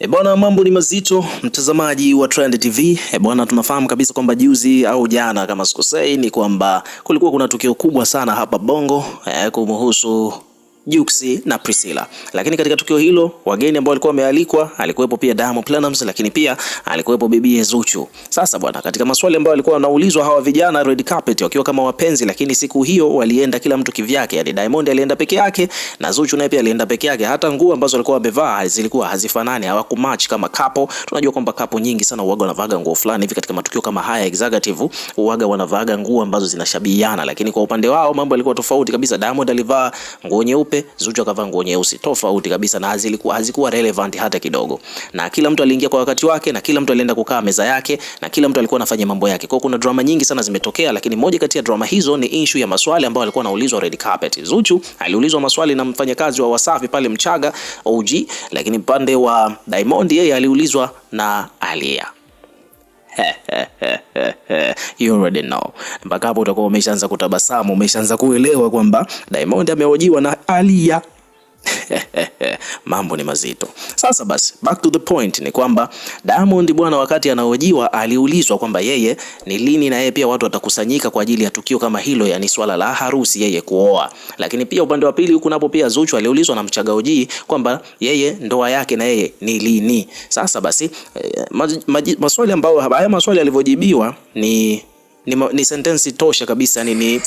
E bwana, mambo ni mazito, mtazamaji wa Trend TV. E bwana, tunafahamu kabisa kwamba juzi au jana kama sikosei, ni kwamba kulikuwa kuna tukio kubwa sana hapa Bongo e, eh, kumhusu Jux na Priscilla. Lakini katika tukio hilo wageni ambao walikuwa wamealikwa alikuwepo pia Diamond Platnumz, lakini pia alikuwepo bibi Zuchu. Sasa bwana, katika maswali ambayo walikuwa wanaulizwa hawa vijana red carpet wakiwa kama wapenzi, lakini siku hiyo walienda kila mtu kivyake, yani Diamond alienda peke yake na Zuchu naye pia alienda peke yake. Hata nguo ambazo walikuwa wamevaa zilikuwa hazifanani, hawaku match kama couple. Tunajua kwamba couple nyingi sana huaga wanavaga nguo fulani hivi katika matukio kama haya executive, huaga wanavaga nguo ambazo zinashabihiana, lakini kwa upande wao mambo yalikuwa tofauti kabisa. Diamond alivaa nguo nyeupe Zuchu akavaa nguo nyeusi, tofauti kabisa na hazilikuwa hazikuwa relevant hata kidogo. Na kila mtu aliingia kwa wakati wake, na kila mtu alienda kukaa meza yake, na kila mtu alikuwa anafanya mambo yake. Kwa kuna drama nyingi sana zimetokea, lakini moja kati ya drama hizo ni issue ya maswali ambayo alikuwa anaulizwa red carpet. Zuchu aliulizwa maswali na mfanyakazi wa Wasafi pale Mchaga OG, lakini pande wa Diamond yeye aliulizwa na Alia. you already know. Mpaka hapo utakuwa umeshaanza kutabasamu, umeshaanza kuelewa kwamba Diamond amehojiwa na alia mambo ni mazito. Sasa basi, back to the point ni kwamba Diamond bwana, wakati anaojiwa aliulizwa kwamba yeye ni lini na yeye pia watu watakusanyika kwa ajili ya tukio kama hilo, yani swala la harusi, yeye kuoa. Lakini pia upande wa pili huku napo pia Zuchu aliulizwa na mchaga G kwamba yeye ndoa yake na yeye ni lini. Sasa basi, eh, maswali ambayo haya maswali alivyojibiwa ni, ni, ni sentensi tosha kabisa yani ni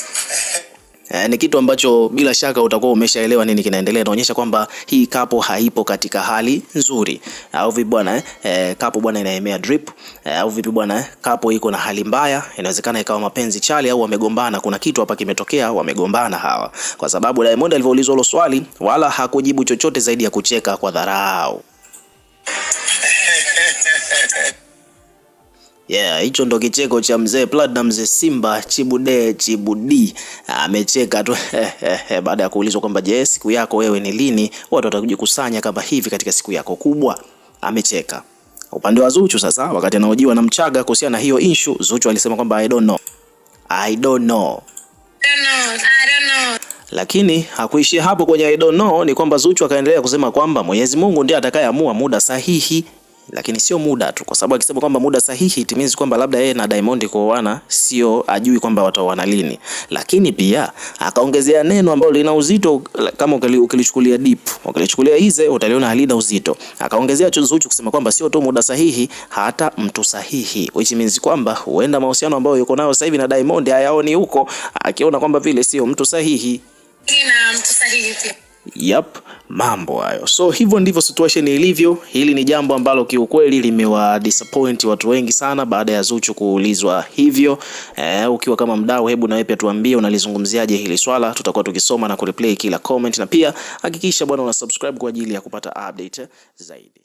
E, ni kitu ambacho bila shaka utakuwa umeshaelewa nini kinaendelea. Inaonyesha kwamba hii kapo haipo katika hali nzuri, au vipi bwana e, eh, kapo eh, bwana inaemea drip e, au vipi bwana, kapo iko na hali mbaya. Inawezekana ikawa mapenzi chali au wamegombana, kuna kitu hapa kimetokea, wamegombana hawa, kwa sababu Diamond alivyoulizwa hilo swali wala hakujibu chochote zaidi ya kucheka kwa dharau. Yeah, hicho ndo kicheko cha mzee mzee Simba Chibude Chibudi amecheka tu baada ya kuulizwa kwamba je, siku yako wewe ni lini, watu watakujikusanya kama hivi katika siku yako kubwa? Amecheka. Upande wa Zuchu sasa, wakati anaojiwa na Mchaga kuhusiana na hiyo issue, Zuchu alisema kwamba I don't know. I don't know. I don't know. I don't know. Lakini hakuishia hapo kwenye I don't know, ni kwamba Zuchu akaendelea kusema kwamba Mwenyezi Mungu ndiye atakayeamua muda sahihi lakini sio muda tu, kwa sababu akisema kwamba muda sahihi it means kwamba labda yeye na Diamond kuoana sio ajui kwamba wataoana lini. Lakini pia akaongezea neno ambalo lina uzito, kama ukilichukulia deep, ukilichukulia hize, utaliona halina uzito. Akaongezea Zuchu kusema kwamba sio tu muda sahihi, hata mtu sahihi, which means kwamba huenda mahusiano ambayo yuko nayo sasa hivi na Diamond hayaoni huko, akiona kwamba vile sio mtu sahihi. Sina mtu sahihi. Yap, mambo hayo. So hivyo ndivyo situation ilivyo. Hili ni jambo ambalo kiukweli limewa disappoint watu wengi sana baada ya Zuchu kuulizwa hivyo. E, ukiwa kama mdau, hebu na wewe pia tuambie unalizungumziaje hili swala. Tutakuwa tukisoma na kureplay kila comment, na pia hakikisha bwana una subscribe kwa ajili ya kupata update zaidi.